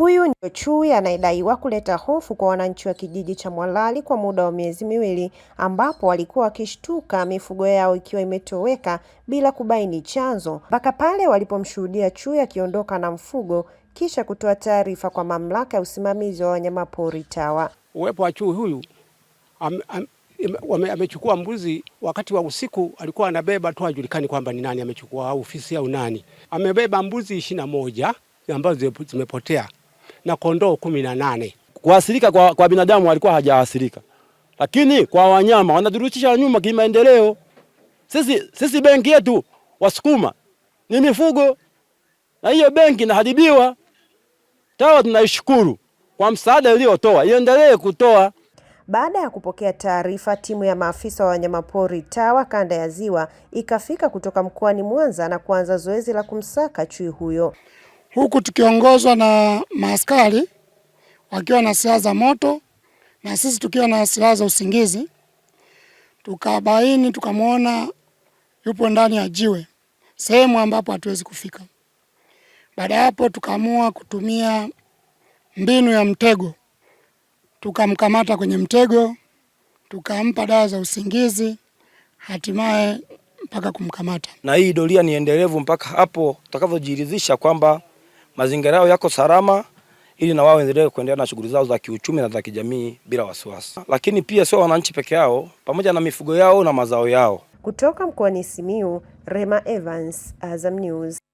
Huyu ndio chui anayedaiwa kuleta hofu kwa wananchi wa kijiji cha Mwalali kwa muda wa miezi miwili, ambapo walikuwa wakishtuka mifugo yao ikiwa imetoweka bila kubaini chanzo, mpaka pale walipomshuhudia chui akiondoka na mfugo kisha kutoa taarifa kwa mamlaka ya usimamizi wa wanyamapori TAWA. Uwepo wa chui huyu am, am, amechukua mbuzi wakati wa usiku, alikuwa anabeba tu, hajulikani kwamba ni nani amechukua, au au nani. Amebeba mbuzi ishirini na moja ambazo zimepotea na kondoo kumi na nane. Kuathirika kwa, kwa binadamu walikuwa hajaathirika, lakini kwa wanyama wanaturudisha nyuma kimaendeleo. Sisi, sisi benki yetu Wasukuma ni mifugo na hiyo benki inaharibiwa. TAWA tunaishukuru kwa msaada iliyotoa, iendelee kutoa. Baada ya kupokea taarifa, timu ya maafisa wa wanyamapori TAWA kanda ya Ziwa ikafika kutoka mkoani Mwanza na kuanza zoezi la kumsaka chui huyo huku tukiongozwa na maaskari wakiwa na silaha za moto na sisi tukiwa na silaha za usingizi. Tukabaini, tukamwona yupo ndani ya jiwe, sehemu ambapo hatuwezi kufika. Baada ya hapo, tukaamua kutumia mbinu ya mtego, tukamkamata kwenye mtego, tukampa dawa za usingizi, hatimaye mpaka kumkamata. Na hii doria ni endelevu mpaka hapo tutakavyojiridhisha kwamba mazingira yao yako salama ili na wao waendelee kuendelea na shughuli zao za kiuchumi na za kijamii bila wasiwasi. Lakini pia sio wananchi peke yao, pamoja na mifugo yao na mazao yao. Kutoka mkoani Simiyu, Rema Evans, Azam News.